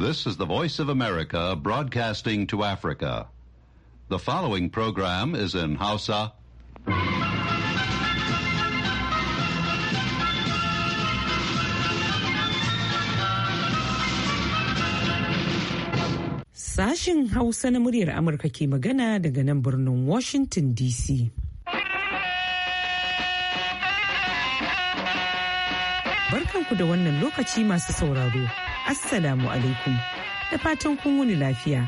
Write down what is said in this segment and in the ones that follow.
This is the Voice of America broadcasting to Africa. The following program is in Hausa. Sashen Hausa na muryar Amurka ke magana daga nan birnin Washington DC. Barkanku da wannan lokaci masu sauraro. Assalamu alaikum. Da fatan kun wuni lafiya.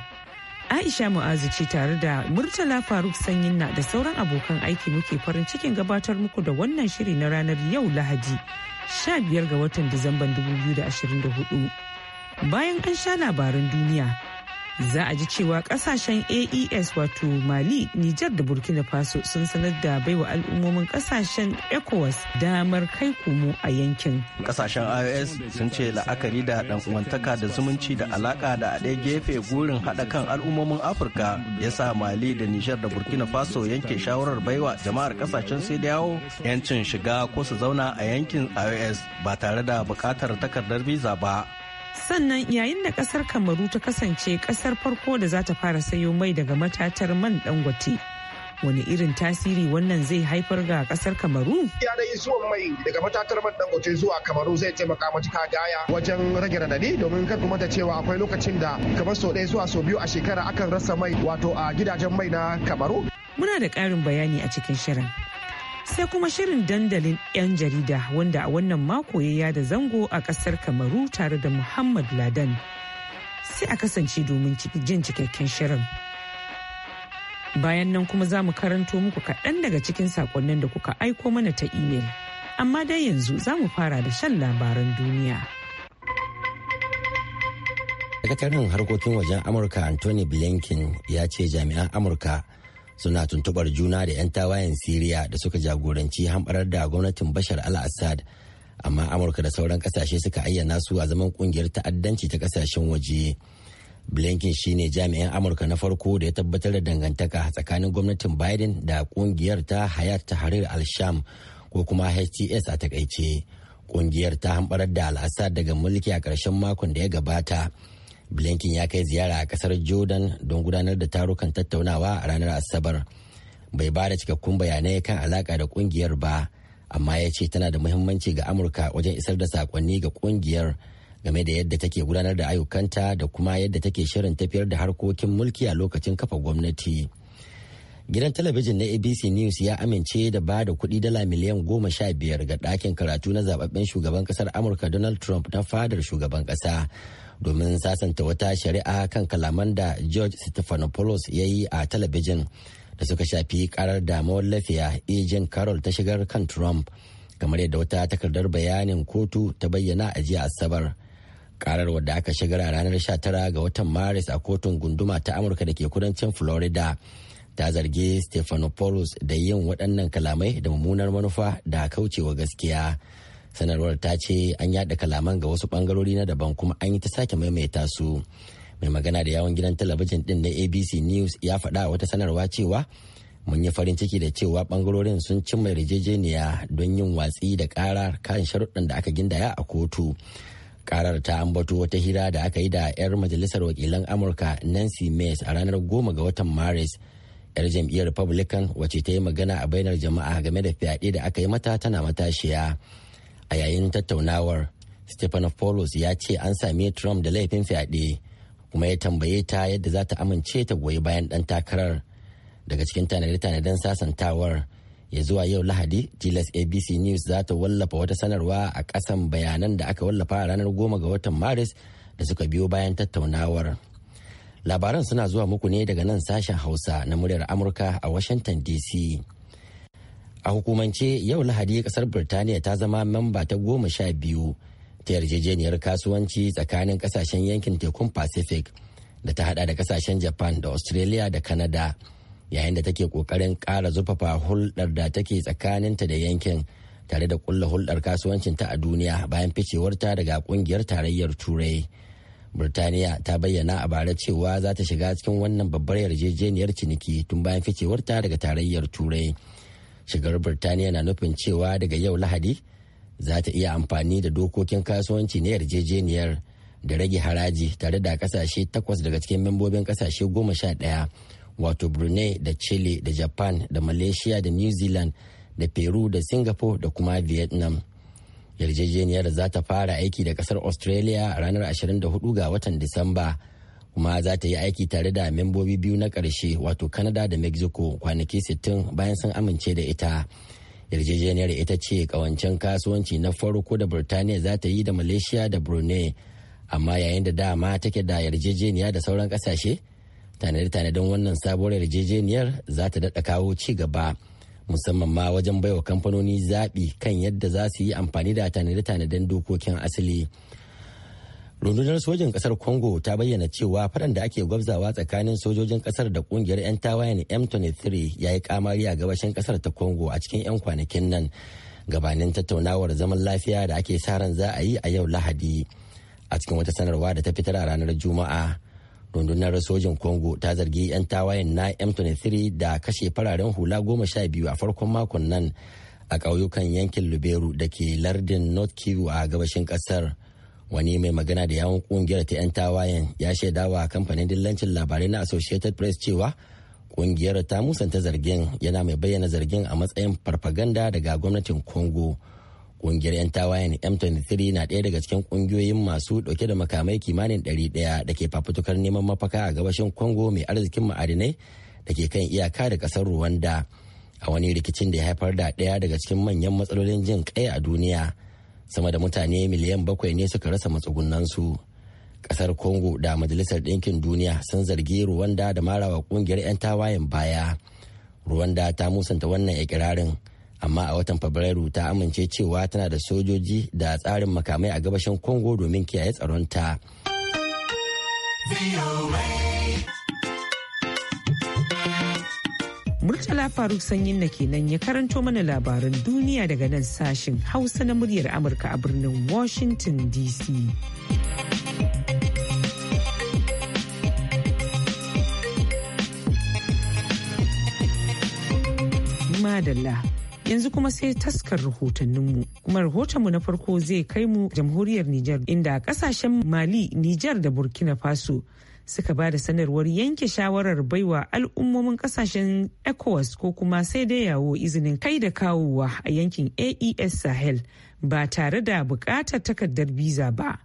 Aisha Mu'azu ce tare da Murtala Faruk Sanyin na da sauran abokan aiki muke farin cikin gabatar muku da wannan shiri na ranar yau Lahadi, sha biyar ga watan Disamban 2024. Bayan an sha labaran duniya, za a ji cewa kasashen aes wato mali nijar da burkina faso sun sanar da baiwa al'ummomin kasashen ecowas damar kai komo a yankin kasashen aes sun ce la'akari da ɗan'uwantaka da zumunci da alaka da a ɗaya gefe gurin haɗa kan al'ummomin afirka ya sa mali da nijar da burkina faso yanke shawarar baiwa jama'ar kasashen sai yawo yancin shiga ko su zauna a yankin ios ba tare da bukatar takardar visa ba sannan yayin da kasar kamaru ta kasance kasar farko da za ta fara sayo mai daga matatar man dangote wani irin tasiri wannan zai haifar ga kasar kamaru yanayin zuwan mai daga matatar man dangote zuwa kamaru zai taimaka matuka gaya wajen rage radadi domin kar kuma ta cewa akwai lokacin da kamar sau ɗaya zuwa sau biyu a shekara akan rasa mai wato a gidajen mai na kamaru muna da ƙarin bayani a cikin shirin sai kuma shirin dandalin 'yan jarida wanda a wannan mako ya yada zango a kasar kamaru tare da muhammad ladan sai a kasance domin jin cikakken shirin bayan nan kuma za mu karanto muku kaɗan daga cikin saƙonnin da kuka aiko mana ta imel amma dai yanzu za mu fara da shan labaran duniya sakataren harkokin wajen amurka anthony blinken ya ce jami'an amurka suna tuntubar juna da 'yan tawayen siriya da suka jagoranci hamɓarar da gwamnatin bashar al-assad amma amurka da sauran ƙasashe suka ayyana su a zaman ƙungiyar ta'addanci ta ƙasashen waje blinken shine jami'in amurka na farko da ya tabbatar da dangantaka tsakanin gwamnatin biden da ƙungiyar ta hayat tahrir al-sham ko kuma hts a takaice ƙungiyar ta hamɓarar da al-assad daga mulki a ƙarshen makon da ya gabata blinken ya kai ziyara a kasar jordan don gudanar da tarukan tattaunawa a ranar asabar bai ba da cikakkun bayanai kan alaka da kungiyar ba amma ya ce tana da muhimmanci ga amurka wajen isar da sakonni ga kungiyar game da yadda take gudanar da ayyukanta da kuma yadda take shirin tafiyar da harkokin mulki a lokacin kafa gwamnati gidan talabijin na abc news ya amince da ba da kuɗi dala miliyan goma sha biyar ga ɗakin karatu na zababben shugaban ƙasar amurka donald trump na fadar shugaban ƙasa domin sasanta wata shari'a kan kalaman da george stephanopoulos ya yi a talabijin da suka shafi karar da mawallafiya ejin carol ta shigar kan trump kamar yadda wata takardar bayanin kotu ta bayyana a jiya asabar karar wadda aka shigar a ranar 19 ga watan maris a kotun gunduma ta amurka da ke kudancin florida ta zargi stephanopoulos da yin waɗannan kalamai da mummunar manufa da kaucewa gaskiya sanarwar ta ce an yada kalaman ga wasu bangarori na daban kuma an yi ta sake maimaita su mai magana da yawon gidan talabijin din na abc news ya faɗa wata sanarwa cewa mun yi farin ciki da cewa bangarorin sun cimma rijejeniya don yin watsi da karar kan sharuɗan da aka gindaya a kotu karar ta ambato wata hira da aka yi da 'yar majalisar wakilan amurka nancy mace a ranar goma ga watan maris 'yar jam'iyyar republican wacce ta yi magana a bainar jama'a game da fyaɗe da aka yi mata tana matashiya a yayin tattaunawar Stephen polos ya ce an sami trump da laifin fyaɗe kuma ya tambaye ta yadda za ta amince ta goyi bayan ɗan takarar daga cikin tanade-tanaden sasantawar ya zuwa yau lahadi tilas abc news za ta wallafa wata sanarwa a ƙasan bayanan da aka wallafa a ranar goma ga watan maris da suka biyo bayan tattaunawar labaran suna zuwa muku ne daga nan sashen hausa na muryar amurka a washington dc A hukumance yau Lahadi kasar Birtaniya ta zama mamba ta goma sha biyu ta yarjejeniyar kasuwanci tsakanin kasashen yankin tekun Pacific da ta hada da kasashen Japan da Australia da Canada yayin da take kokarin kara zurfafa hulɗar da take tsakaninta da yankin tare da kulla hulɗar kasuwancinta a duniya bayan ficewarta daga kungiyar tarayyar turai. Birtaniya ta bayyana a bara cewa za ta shiga cikin wannan babbar yarjejeniyar ciniki tun bayan ficewarta daga tarayyar turai. shigar birtaniya na nufin cewa daga yau lahadi za ta iya amfani da dokokin kasuwanci na yarjejeniyar da rage haraji tare da kasashe takwas daga cikin membobin kasashe goma sha ɗaya wato brunei da chile da japan da malaysia da new zealand da peru da singapore da kuma vietnam yarjejeniyar za ta fara aiki da kasar australia a ranar 24 ga watan disamba kuma za ta yi aiki tare da membobi biyu na ƙarshe wato Kanada da mexico kwanaki 60 bayan sun amince da ita yarjejeniyar ita ce kawancen kasuwanci na farko da burtaniya za ta yi da malaysia da brunei amma yayin da dama take da yarjejeniya da sauran kasashe tanadi tanadin wannan sabuwar yarjejeniyar za ta daɗa kawo ci gaba musamman ma wajen baiwa kamfanoni zaɓi kan yadda za su yi amfani da tanadi tanadin dokokin asali. rundunar sojin kasar congo ta bayyana cewa faɗan da ake gwabzawa tsakanin sojojin kasar da kungiyar 'yan tawayen m23 ya yi kamari a gabashin kasar ta congo a cikin 'yan kwanakin nan gabanin tattaunawar zaman lafiya da ake sa ran za a yi a yau lahadi a cikin wata sanarwa da ta fitar a ranar juma'a rundunar sojin congo ta zargi 'yan tawayen na m23 da kashe fararen hula goma sha biyu a farkon makon nan a ƙauyukan yankin luberu da ke lardin north kivu a gabashin ƙasar wani mai magana da yawon kungiyar ta 'yan tawayen ya shaidawa kamfanin dillancin labarai na associated press cewa kungiyar ta musanta zargin yana mai bayyana zargin a matsayin farfaganda daga gwamnatin congo kungiyar 'yan tawayen m23 na ɗaya daga cikin kungiyoyin masu ɗauke da makamai kimanin 100 da ke fafutukar neman mafaka a gabashin congo mai arzikin ma'adinai da ke kan iyaka da ƙasar rwanda a wani rikicin da ya haifar da ɗaya daga cikin manyan matsalolin jin kai a duniya sama da mutane miliyan bakwai ne suka rasa matsugunansu kasar congo da majalisar ɗinkin duniya sun zargi rwanda da marawa kungiyar 'yan tawayen baya rwanda ta musanta wannan ikirarin amma a watan fabrairu ta amince cewa tana da sojoji da tsarin makamai a gabashin congo domin kiyaye tsaronta. Murtala Faruk Sanyin na kenan ya karanto mana labaran duniya daga nan sashin Hausa na muryar Amurka a birnin Washington DC. Madalla. yanzu kuma sai taskar rahotanninmu kuma rahotonmu na farko zai kai mu jamhuriyar Nijar inda kasashen Mali, Nijar da Burkina Faso suka ba da sanarwar yanke shawarar baiwa al'ummomin kasashen ecowas ko kuma sai dai yawo izinin kai da kawowa a yankin aes sahel ba tare da bukatar takardar biza ba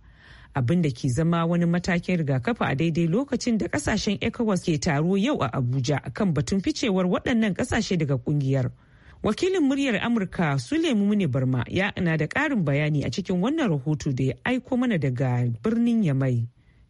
abin da ke zama wani matakin rigakafi a daidai lokacin da kasashen ecowas ke taro yau a abuja kan batun ficewar waɗannan kasashe daga kungiyar wakilin muryar amurka sulemu mune barma ya na da ƙarin bayani a cikin wannan rahoto da ya aiko mana daga birnin yamai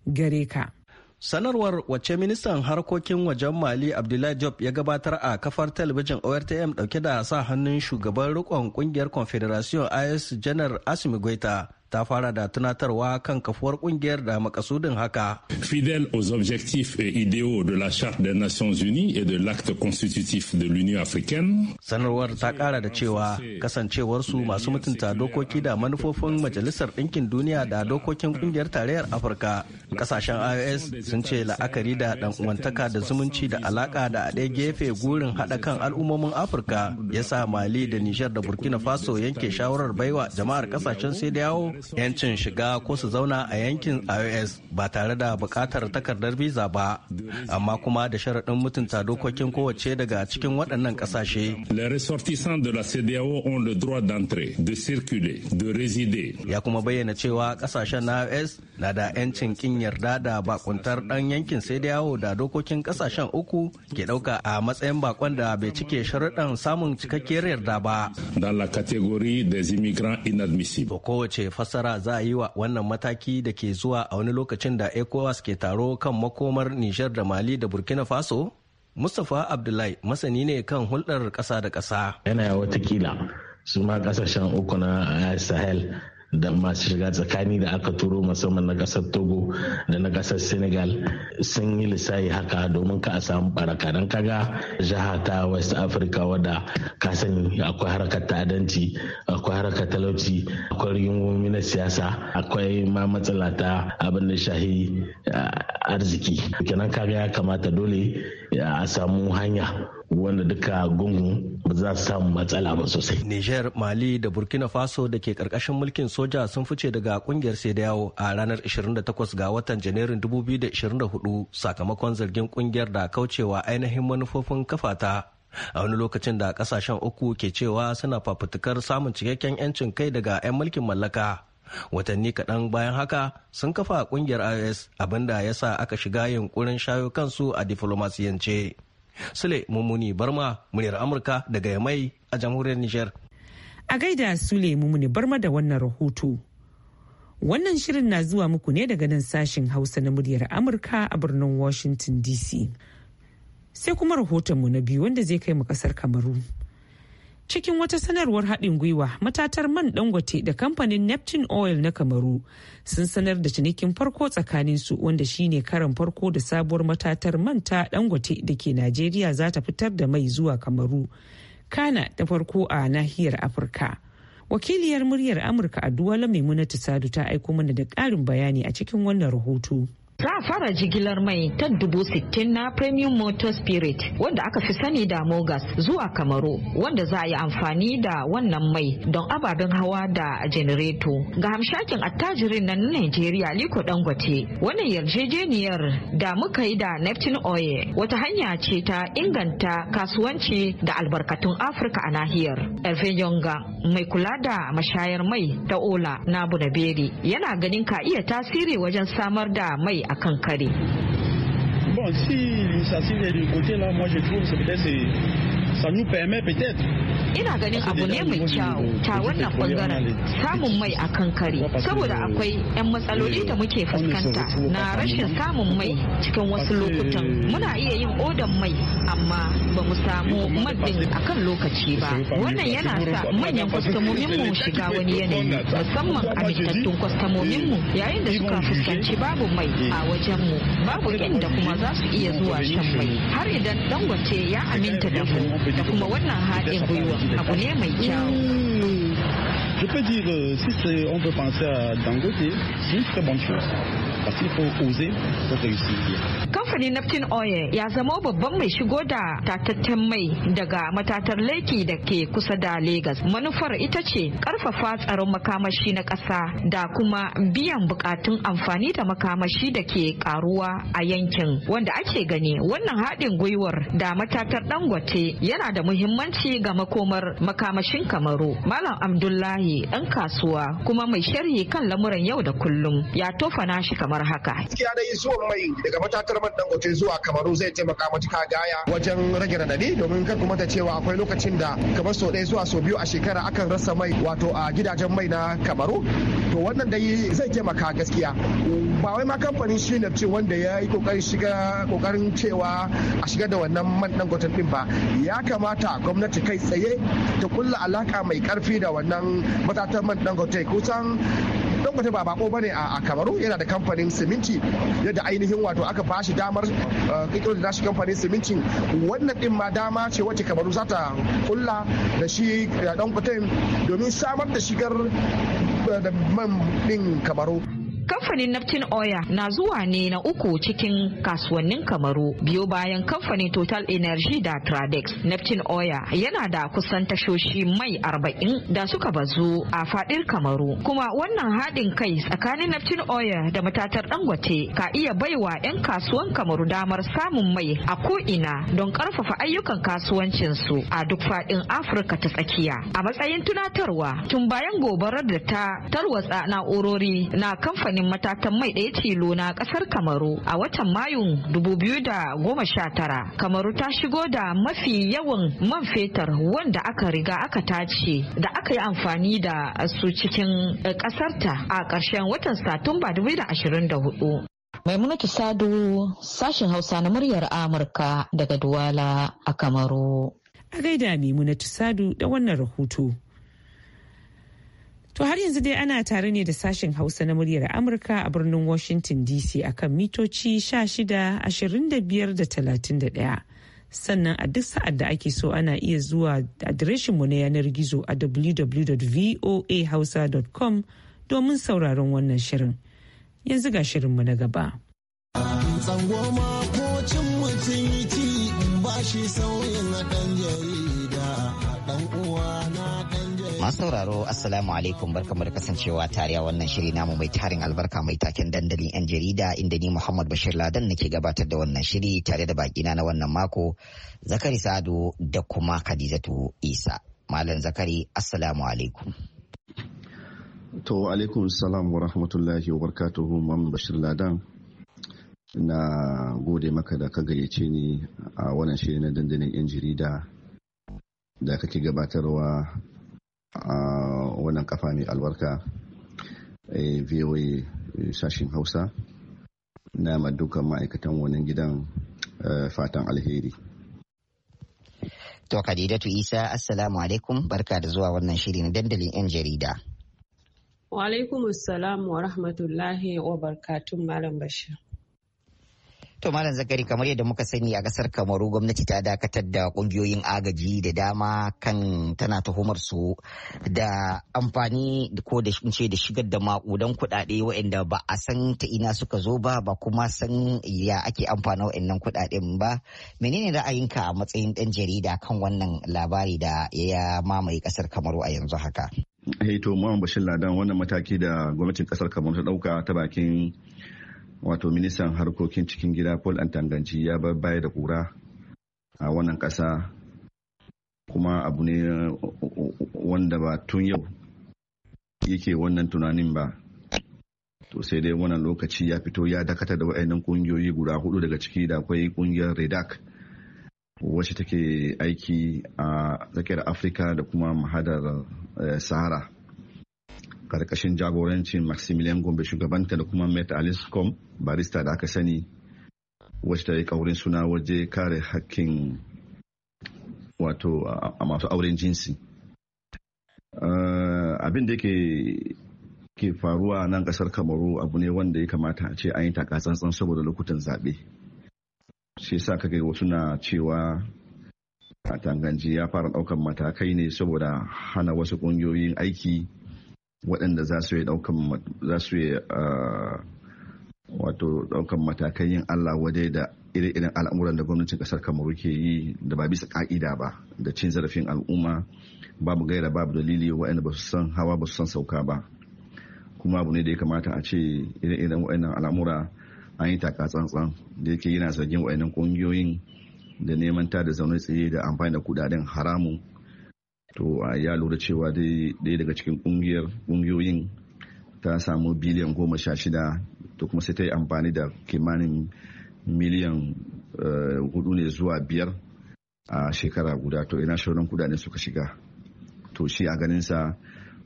gare ka sanarwar wacce ministan harkokin wajen mali abdullahi job ya gabatar a kafar talabijin ortm dauke da sa hannun shugaban rikon kungiyar confederation is janar asimi goita ta fara da tunatarwa kan kafuwar kungiyar da makasudin haka. fidel aux objectifs et idéaux de la Charte des Nations Unies et de l'acte constitutif de l'Union africaine. Sanarwar ta kara da cewa kasancewarsu masu mutunta dokoki da manufofin Majalisar Ɗinkin Duniya da dokokin kungiyar tarayyar Afirka. Kasashen IOS sun ce la'akari da dan uwantaka da zumunci da alaka da a gefe gurin haɗa kan al'ummomin Afirka yasa Mali da Nijar da Burkina Faso yanke shawarar baiwa jama'ar kasashen sai da yawo yancin shiga ko su zauna a yankin ios ba tare da bukatar takardar visa ba amma kuma da sharaɗin mutunta dokokin kowace daga cikin waɗannan ƙasashe ya kuma bayyana cewa ƙasashen na ios na da yancin kin yarda da bakuntar ɗan yankin sai da yawo da dokokin ƙasashen uku ke ɗauka a matsayin bakon da bai cike sharaɗin samun cikakkiyar yarda ba. Da la kategori des immigrants inadmissibles. Kowace fassara za a yi wa wannan mataki da ke zuwa a wani lokacin da ECOWAS ke taro kan makomar Nijar da Mali da Burkina Faso? Mustapha Abdullahi masani ne kan hulɗar ƙasa da ƙasa. Yana watakila su ma ƙasashen uku na Sahel da masu shiga tsakani da aka turo musamman na kasar togo da na kasar senegal sun yi lissafi haka domin ka a samu baraka don kaga jiha ta west africa wadda ka sani akwai harkar ta'adanci akwai harkar talauci akwai rigingomi na siyasa akwai ma matsala ta abin da shahi ah, arziki kenan kaga ya kamata dole ah, a samu hanya wanda duka gungu ba za su samu matsala ba sosai. Niger, Mali da Burkina Faso da ke karkashin mulkin soja sun fice daga kungiyar sai da yawo a ranar 28 ga watan Janairun 2024 sakamakon zargin kungiyar da kaucewa ainihin manufofin kafata a wani lokacin da kasashen uku ke cewa suna fafutukar samun cikakken 'yancin kai daga 'yan mulkin mallaka watanni kaɗan bayan haka sun kafa kungiyar is abinda ya sa aka shiga yunkurin shayo kansu a diflomasiyance Sule Mumuni Barma, muryar Amurka daga Yamai a jamhuriyar Nijar. A gaida Sule Mumuni Barma da wannan rahoto. Wannan shirin na zuwa muku ne daga nan sashen Hausa na muryar Amurka a birnin Washington DC. Sai kuma rahotonmu na biyu wanda zai kai mu kasar Kamaru. cikin wata sanarwar haɗin gwiwa matatar man dangote da kamfanin neptune oil na kamaru sun sanar da cinikin farko tsakaninsu wanda shine karan farko da sabuwar matatar man ta dangote da ke najeriya za ta fitar da mai zuwa kamaru kana ta farko a nahiyar afirka wakiliyar muryar amurka a duwala Maimuna sadu ta aiko mana da ƙarin bayani a cikin wannan rahoto ta fara jigilar mai ta dubu sittin na premium motor spirit wanda aka fi sani da mogas zuwa kamaru wanda za a yi amfani da wannan mai don ababen hawa da janareto ga hamshakin attajirin na nigeria liko dangote wannan yarjejeniyar da muka yi da neptune oil wata hanya ce ta inganta kasuwanci da albarkatun afirka a nahiyar Yonga mai kula da mashayar mai ta ola na bunaberi yana ganin ka iya tasiri wajen samar da mai à Kankari Bon, si l'initiative est du côté là, moi je trouve que peut-être ça nous permet peut-être ina ganin abu ne mai kyau ta wannan bangaren samun mai a kan kare saboda akwai 'yan matsaloli da muke fuskanta na rashin samun mai cikin wasu lokutan muna iya yin odan mai amma ba mu samu maddin a kan lokaci ba wannan yana sa manyan kwastamominmu shiga wani yanayi musamman kwastamomin kwastamominmu eh. yayin da suka fuskanci babu mai eh. a wajenmu babu inda kuma za su iya zuwa shan mai har idan dangote ya aminta da mu Hmm. Je peux dire, euh, si on veut penser à Dangote, c'est une très bonne chose. Parce qu'il faut oser pour réussir. kamfanin Neptune Oil ya zama babban mai shigo da tatatten mai daga matatar laiki da ke kusa da Legas. Manufar ita ce karfafa tsaron makamashi na ƙasa da kuma biyan bukatun amfani da makamashi da ke karuwa a yankin wanda ake gani wannan haɗin gwiwar da matatar Dangote yana da muhimmanci ga makomar makamashin Kamaru. Malam Abdullahi ɗan kasuwa kuma mai sharhi kan lamuran yau da kullum ya tofa nashi kamar haka. Gaskiya zuwan mai daga matatar dangote zuwa kamaru zai taimaka matuka gaya wajen rage radadi domin kar kuma ta cewa akwai lokacin da kamar sau ɗaya zuwa sau biyu a shekara akan rasa mai wato a gidajen mai na kamaru to wannan dai zai taimaka gaskiya ba wai ma kamfanin shi ce wanda ya yi kokarin shiga kokarin cewa a shiga da wannan man dangote din ba ya kamata gwamnati kai tsaye ta kulla alaka mai karfi da wannan matatan man dangote kusan don ba bako bane a kamaru yana da kamfanin siminti yadda ainihin wato aka bashi damar uh, kirkiro da nashi kamfanin simintin wannan din ma dama ce wacce kamaru za ta kulla da shi dangote domin samar da shigar uh, da man din kamaru Kamfanin Neptune Oya na zuwa ne na uku cikin kasuwannin Kamaru biyo bayan kamfanin Total Energy da Tradex. Neptune Oya yana da kusan tashoshi mai arba'in da suka bazu a fadin Kamaru. Kuma wannan haɗin kai tsakanin Neptune Oya da matatar Dangote ka iya baiwa 'yan kasuwan Kamaru damar samun mai a ko'ina don ƙarfafa ayyukan kasuwancinsu a duk faɗin Afirka ta tsakiya. A matsayin tunatarwa tun bayan gobarar da ta tarwatsa na'urori na kamfanin tsakanin matatan mai ɗaya tilo na ƙasar Kamaru a watan Mayun 2019. Kamaru ta shigo da mafi yawan man fetur wanda aka riga aka tace da aka yi amfani da su cikin eh, ƙasarta a ƙarshen watan Satumba 2024. Maimunatu Sadu sashen Hausa na muryar Amurka daga Duwala a Kamaru. A gaida Maimunatu Sadu da wannan rahoto. To har yanzu dai ana tare ne da sashen Hausa na muryar Amurka a birnin Washington DC akan mitoci 16, 25 da 31. sannan a duk sa'ad da ake so ana iya zuwa mu na yanar gizo a www.voahausa.com domin sauraron wannan shirin. Yanzu ga shirin mu na gaba. Tsango mutum yi ci ba shi sauyin ɗan Masu sauraro Assalamu alaikum barkamu da kasancewa tare a wannan shiri namu mai tarin albarka mai taken dandalin 'yan jarida inda ni Muhammad Bashir Ladan ke gabatar da wannan shiri tare da bakina na wannan mako Zakari Sado da kuma Khadijatu Isa. Malam Zakari Assalamu alaikum. To alaikum salam wa rahmatullahi wa barakatuhu Muhammad Bashir Ladan. na gode maka da ka gayyace ni a wannan shiri na dandalin 'yan jarida da kake gabatarwa a wannan kafa mai albarka eh, voa eh, sashin hausa na madukan ma'aikatan wannan gidan eh, fatan alheri to khadijatu isa assalamu alaikum barka da zuwa wannan shiri na dandalin 'yan jarida wa alaikum assalam wa rahmatullahi wa barkatun malam bashir To Malam Zakari kamar yadda muka sani a kasar Kamaru gwamnati ta dakatar da kungiyoyin agaji da dama kan tana tuhumar su da amfani ko da ce da shigar da makudan kuɗaɗe waɗanda ba a san ta ina suka zo ba ba kuma san ya ake amfana waɗannan kuɗaɗen ba. Menene ra'ayinka a matsayin ɗan jarida kan wannan labari da ya mamaye kasar Kamaru a yanzu haka? Hey, eh, to Muhammad Bashir Ladan wannan mataki da gwamnatin kasar Kamaru ta ɗauka ta bakin wato ministan harkokin cikin gida paul antanganci ya bar baya da kura a wannan ƙasa kuma abu ne wanda ba tun yau yake wannan tunanin ba to sai dai wannan lokaci ya fito ya dakata da wa'annan kungiyoyi guda hudu daga ciki da akwai kungiyar redak wacce take aiki a tsakiyar afirka da kuma mahadar eh, sahara karkashin jagorancin maximilian gombe shugabanta da kuma met aliscom barista da aka sani wacce ta yi kaurin suna waje kare hakkin wato a masu auren jinsi uh, abin da ke faruwa nan kasar kamaru abu ne wanda ya kamata a ce an yi takatsantsan saboda lokutan zaɓe shi sa kaga wasu na cewa a tanganji ya fara ɗaukar matakai ne saboda hana wasu ƙungiyoyin aiki waɗanda za su yi ɗaukan matakan yin Allah wadai da irin irin al'amuran da gwamnatin ƙasar Kamaru ke yi da ba bisa ƙa'ida ba da cin zarafin al'umma babu gaira babu dalili waɗanda ba su san hawa ba su san sauka ba kuma abu ne da ya kamata a ce iri irin waɗannan al'amura an yi taka tsantsan da yake yana zargin waɗannan ƙungiyoyin da neman ta da zaune tsaye da amfani da kudaden haramun to ya lura cewa dai daga cikin kungiyar kungiyoyin ta samu biliyan goma sha shida to kuma sai ta yi amfani da kimanin miliyan e, hudu ne zuwa biyar a shekara guda to ina shauran kudaden suka shiga to shi a ganinsa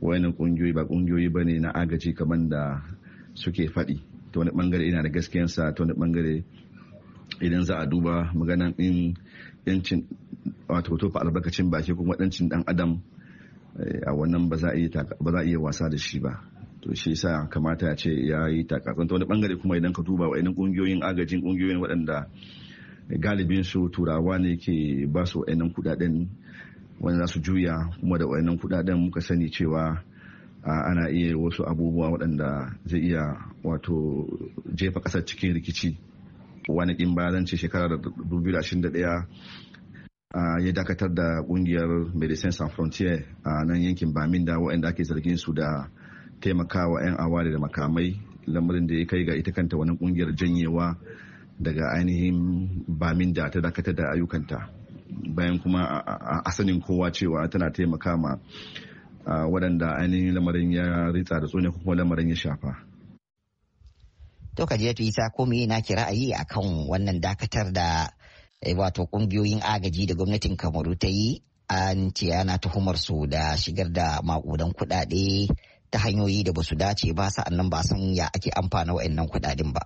wayannan kungiyoyi ba kungiyoyi ba ne na agaji kamar da suke faɗi ta wani bangare ina da gaskiyansa ta wani bangare idan za a duba maganan in yancin wato tofa albarkacin baki kuma ɗancin ɗan adam eh, a wannan ba za a iya wasa da shi ba to shi yasa kamata ya ce ya yi takatsan ta wani bangare kuma idan ka duba wa'annan kungiyoyin agajin kungiyoyin waɗanda galibin su turawa ne ke ba su wa'annan kudaden wani za su juya kuma da wa'annan kudaden muka sani cewa ana iya wasu abubuwa waɗanda zai iya wato jefa ƙasar cikin rikici wani ɗin ba zan ce shekarar 2021 ya dakatar da kungiyar medecines sans frontiere a nan yankin baminda waɗanda ake zargin su da taimakawa 'yan awari da makamai lamarin da ya kai ga ita kanta wani kungiyar janyewa daga ainihin baminda ta dakatar da ayyukanta bayan kuma a sanin kowa cewa tana taimaka ma waɗanda ainihin lamarin ya ritsa da tsoni kuma lamarin ya shafa to ka jefi isa ko me na ki ra'ayi akan wannan dakatar da Eh, wato kungiyoyin agaji da gwamnatin kamaru ta yi an ce ana tuhumar su da shigar da makudan kuɗaɗe ta hanyoyi da ba su dace ba sa'annan ba san ya ake amfana wa'annan kuɗaɗen ba.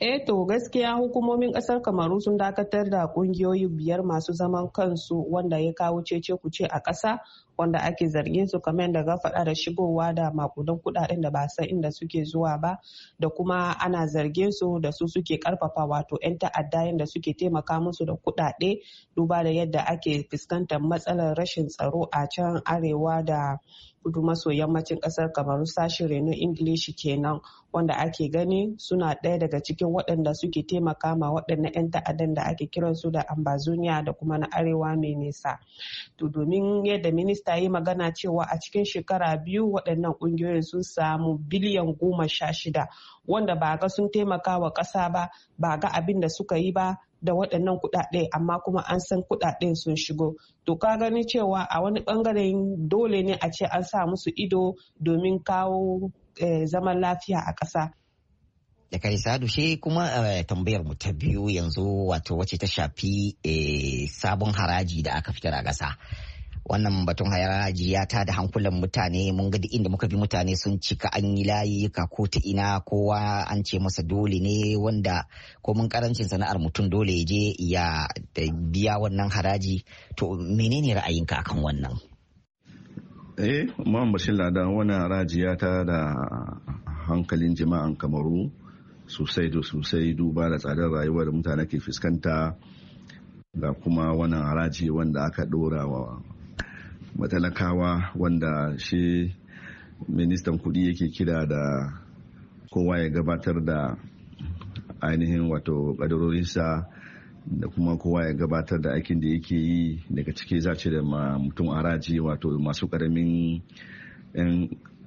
Eh to gaskiya hukumomin kasar Kamaru sun dakatar da kungiyoyi biyar masu zaman kansu wanda ya kawo cece ce a ƙasa wanda ake zargin su kamar yadda ga faɗa da shigowa da makudan kuɗaɗen da ba san inda suke zuwa ba da kuma ana zargin su da su suke karfafa wato 'yan ta'adda yadda suke taimaka musu da kuɗaɗe duba da yadda ake fuskantar matsalar rashin tsaro a can arewa da kudu maso yammacin kasar kamaru sashen renon ingilishi kenan wanda ake gani suna ɗaya daga cikin waɗanda suke taimaka ma waɗannan 'yan ta'addan da ake kiransu da ambazonia da kuma na arewa mai nisa to domin yadda minista ta yi magana cewa a cikin shekara biyu waɗannan ƙungiyoyin sun samu biliyan goma sha shida wanda ba ga sun taimaka wa ƙasa ba ba ga abin da suka yi ba da waɗannan kuɗaɗe amma kuma an san kuɗaɗe sun shigo to ka gani cewa a wani ɓangaren dole ne a ce an sa musu ido domin kawo eh, zaman lafiya a ƙasa da kai sadu shi kuma eh, tambayar mu ta biyu yanzu wato wace ta shafi eh, sabon haraji da aka fitar a ƙasa wannan batun hayaraji ta da hankulan mutane mun ga inda muka bi mutane sun cika an yi ka ko ta ina kowa an ce masa dole ne wanda ko mun karancin sana'ar mutum dole ya je ya biya wannan haraji to menene ra'ayinka akan wannan eh man bashir lada wannan haraji ta da hankalin jama'an kamaru sosai da sosai duba da tsadar rayuwar mutane ke fuskanta da kuma wannan haraji wanda aka dora wa matalakawa wanda shi ministan kudi yake kira da kowa ya gabatar da ainihin wato kadarorinsa da kuma kowa ya gabatar da aikin da yake yi daga ciki ce da mutum araji wato masu karamin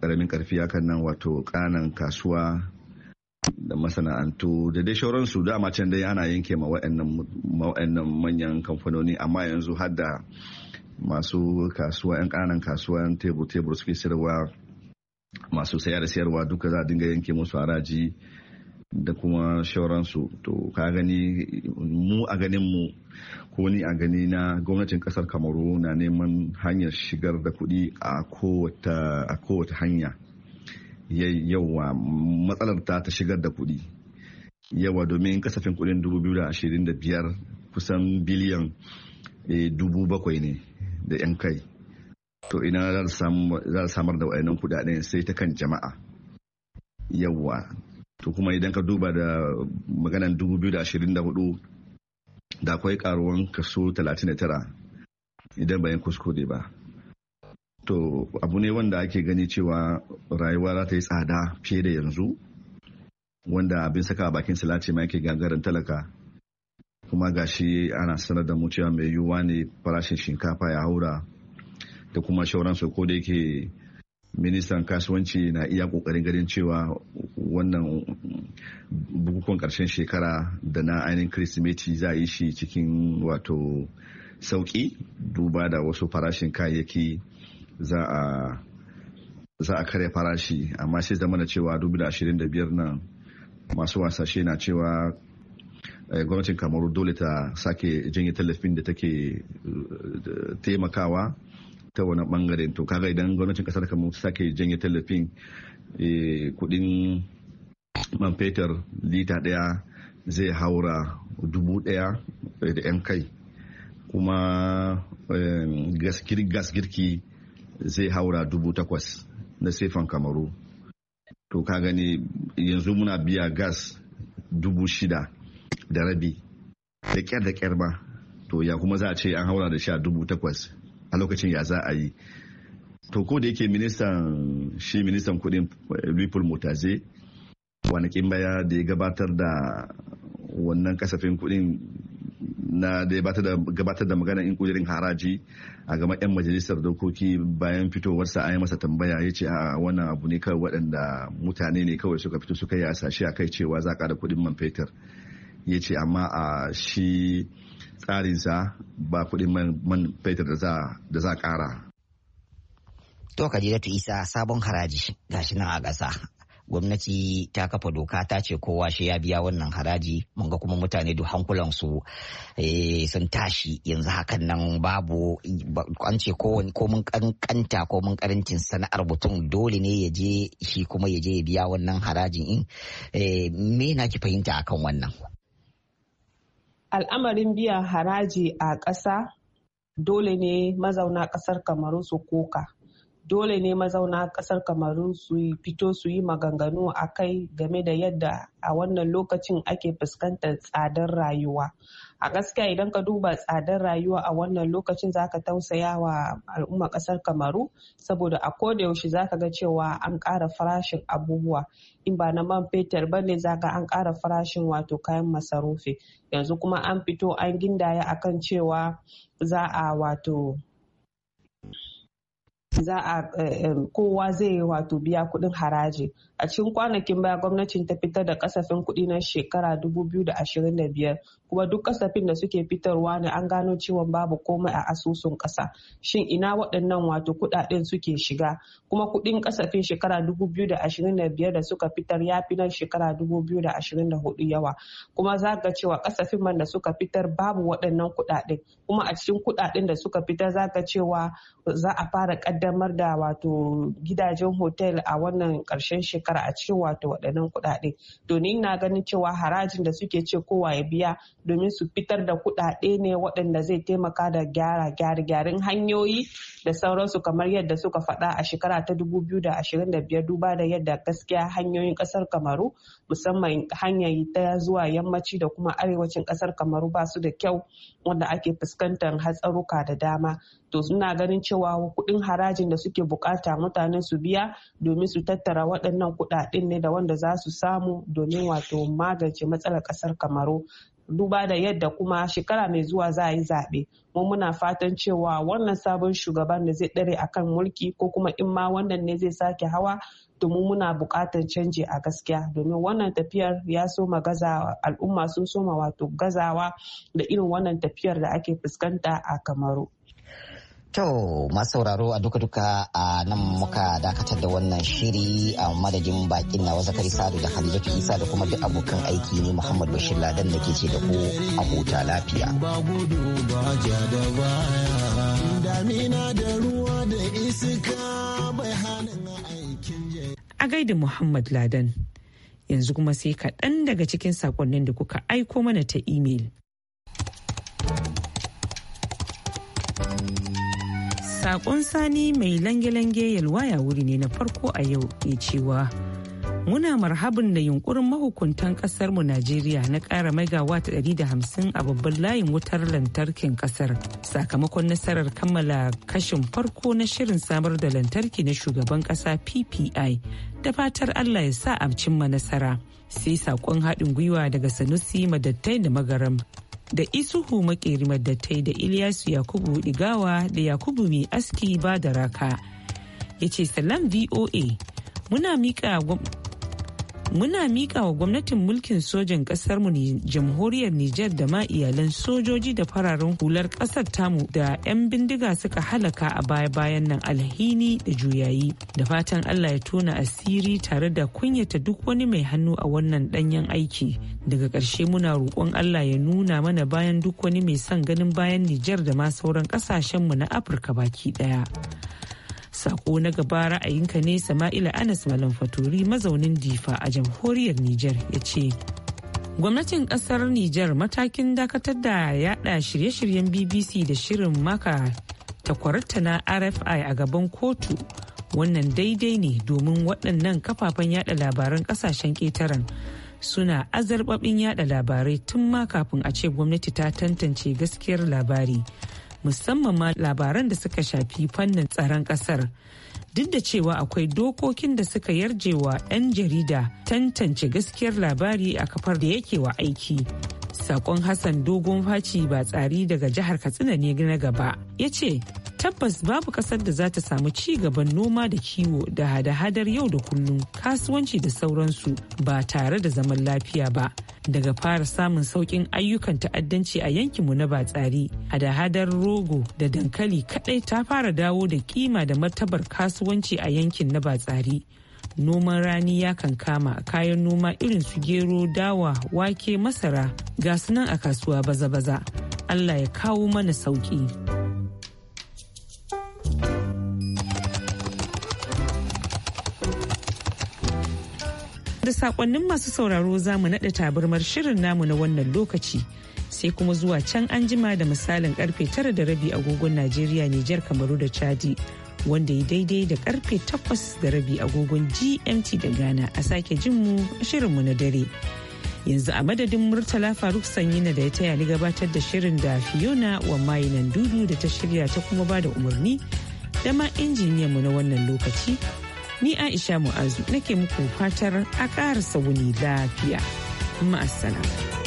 karamin karfi hakan nan wato kanan kasuwa da masana'antu da dai shauransu dama can dai ana yanke ma wa'annan manyan kamfanoni amma yanzu har masu kasuwa 'yan ƙananan yan tebur-tebur suke sayarwa masu saya da sayarwa duka za a dinga yanke musu haraji da kuma shauransu to ka gani mu a ganin mu ko ni a gani na gwamnatin kasar kamaru na neman hanyar shigar da kuɗi a kowace hanya yawa matsalar ta ta shigar da kuɗi yawa domin kasafin kuɗin 2025 kusan biliyan Eh, dubu bakwai ne da 'yan kai to ina za a samar da waɗannan kudaden sai ta kan jama'a yawwa to kuma idan ka duba da maganan 2024 da akwai karuwan kaso 39 idan bayan kuskure ba to abu ne wanda ake gani cewa rayuwa za ta yi tsada fiye da yanzu wanda abin saka bakin salati ma yake gagarin talaka kuma gashi ana sanar da mu cewa mai yiwuwa ne farashin shinkafa ya haura da kuma shauransu ko da yake ministan kasuwanci na iya kokarin ganin cewa wannan bukukuwan karshen shekara da na ainihin kirsimeti za a yi shi cikin wato sauki duba da wasu farashin kayayyaki za a za a karya farashi amma sai zama da cewa 2025 nan masu wasashe na cewa Eh, gwamnatin kamaru dole ta sake janye tallafin da take eh, taimakawa ta wani bangaren to kaga idan gwamnatin kasar kamar ta sake janye tallafin eh, kudin man fetur lita daya zai haura dubu daya da 'yan kai kuma gas zai haura dubu takwas na sefan kamaru to ka gani yanzu muna biya gas dubu shida da rabi da kyar da kyar ma to ya kuma za a ce an haura da sha dubu takwas a lokacin ya za a yi to ko da yake ministan shi ministan kudin eh, lupul mutaze kwanakin baya da ya gabatar da wannan kasafin kudin na da ya gabatar da magana in kudirin haraji a gama 'yan majalisar dokoki bayan fitowarsa an yi masa tambaya ya ce a wannan abu ne kawai waɗanda mutane ne kawai suka fito suka yi sashi a kai cewa za a kara kudin man fetur ya ce amma a shi tsarinsa ba kuɗin man fetur da za a ƙara. To da Isa sabon haraji gashi nan a ƙasa. Gwamnati ta kafa doka ta ce kowa shi ya biya wannan haraji mun ga kuma mutane duk hankulansu eh, sun tashi yanzu hakan nan babu an ce ko mun kankanta ko mun karancin sana'ar mutum dole ne ya je shi kuma ya je ya biya wannan harajin in eh, me na ki fahimta akan wannan. al'amarin biyan haraji a ƙasa dole ne mazauna ƙasar kamaru su koka dole ne mazauna kasar kamaru su fito su yi maganganu a kai game da yadda a wannan lokacin ake fuskantar tsadar rayuwa a gaskiya idan ka duba tsadar rayuwa a wannan lokacin zaka tausaya wa al'umma kasar kamaru saboda a koda yaushe zaka ga cewa an ƙara farashin abubuwa in ba na man fetur ba ne zaka an ƙara farashin wato kayan masarufi yanzu kuma an fito an gindaya akan cewa za a wato za a eh, eh, kowa zai wato biya kuɗin haraji a cikin kwanakin baya gwamnatin ta fitar da kasafin kuɗi na shekara 2025 kuma duk kasafin da suke fitarwa ne an gano cewa babu komai a asusun ƙasa shin ina waɗannan wato kuɗaɗen suke shiga kuma kuɗin kasafin shekara 2025 da suka fitar ya fi na shekara 2024 yawa kuma za ka cewa kasafin man da suka fitar babu waɗannan kuɗaɗen kuma a cikin kuɗaɗen da suka fitar za ka cewa za a fara ƙaddamar da wato gidajen hotel a wannan ƙarshen shekara shekara a cikin wato waɗannan kuɗaɗe domin na ganin cewa harajin da suke ce kowa ya biya domin su fitar da kuɗaɗe ne waɗanda zai taimaka da gyara gyare gyaren hanyoyi da sauransu kamar yadda suka faɗa a shekara ta 2025 duba da yadda gaskiya hanyoyin ƙasar kamaru musamman hanyar ta zuwa yammaci da kuma arewacin ƙasar kamaru ba su da kyau wanda ake fuskantar hatsaruka da dama to suna ganin cewa kuɗin harajin da suke bukata mutanen su biya domin su tattara waɗannan kudaden ne da wanda za su samu domin wato magance matsalar kasar kamaru duba da yadda kuma shekara mai zuwa za a yi zaɓe mu muna fatan cewa wannan sabon shugaban da zai dare akan mulki ko kuma in ma wannan ne zai sake hawa domin muna buƙatar canji a gaskiya domin wannan tafiyar ya soma gazawa al'umma sun soma wato gazawa da irin wannan tafiyar da ake fuskanta a kamaru To masu sauraro a duka-duka a nan muka dakatar da wannan shiri a madadin bakin na kari sadu da halittu isa da kuma duk abokan aiki ne muhammad bashir ladan da ke ce da ku a huta lafiya. A gaida Muhammad Ladan yanzu kuma sai kaɗan daga cikin saƙonnin da kuka aiko mana ta imel. Sakon sani mai lange-lange yalwaya wuri ne na farko a yau ke cewa muna marhabin da yunkurin mahukuntan kasarmu Najeriya na ƙara megawatt hamsin a babban layin wutar lantarkin kasar sakamakon nasarar kammala kashin farko na shirin samar da lantarki na shugaban ƙasa PPI da fatar Allah ya sa a cimma nasara. Sai sakon haɗin gwiwa daga Sanusi Madattai da Magaram da isuhu makeri madattai da ilyasu yakubu digawa da yakubu mai aski ba da raka ya ce salam voa muna mika muna miƙa wa gwamnatin mulkin sojan ƙasarmu jamhuriyar Nijar da ma iyalan sojoji da fararen hular ƙasar tamu da 'yan bindiga suka halaka a baya-bayan nan alhini da juyayi. Da fatan Allah ya tona asiri tare da kunyata duk wani mai hannu a wannan ɗanyen aiki. Daga ƙarshe muna roƙon Allah ya nuna mana bayan duk wani mai son ganin bayan Nijar da ma sauran ƙasashenmu na Afirka baki ɗaya. Sako na gaba ra'ayinka ne Sama'ila Anas Malam Faturi mazaunin Difa a jamhuriyar Nijar ya ce. Gwamnatin kasar Nijar matakin dakatar da yada shirye-shiryen BBC da shirin maka takwarta na RFI a gaban kotu wannan daidai ne domin waɗannan kafafen yada labaran ƙasashen ƙetaren suna azarɓaɓin yada labarai tun ma kafin a ce gwamnati ta tantance gaskiyar labari. musamman ma labaran da suka shafi fannin tsaron kasar duk da cewa akwai dokokin da suka yarje wa 'yan jarida tantance gaskiyar labari a kafar da yake wa aiki sakon hassan dogon faci ba tsari daga jihar katsina ne na gaba ya ce tabbas babu kasar da za ta samu ci gaban noma da kiwo da hada-hadar yau da kullum kasuwanci da sauransu ba tare da zaman lafiya ba daga fara samun sauƙin ayyukan ta'addanci a yankinmu na batsari hada-hadar rogo da dankali kaɗai ta fara dawo da kima da martabar kasuwanci a yankin na batsari noman rani ya kankama kayan noma irin su gero dawa wake masara ga sunan a kasuwa baza-baza allah ya kawo mana sauƙi. Da sakonnin masu sauraro za mu naɗa tabarmar shirin namu na wannan lokaci. Sai kuma zuwa can an jima da misalin karfe tara da rabi agogon Najeriya, Nijar, Kamaru da Chadi. Wanda ya daidai da karfe takwas da rabi agogon GMT da Ghana a sake jin mu shirinmu na dare. Yanzu a madadin Murtala Faruk Sanyina da ya taya ni gabatar da shirin da Fiona wa mayinan dudu da ta shirya ta kuma ba da umarni. dama ma injiniyanmu na wannan lokaci Ni Aisha Mu'azu nake muku fatar a ƙarasa wuni lafiya. Ma'asana.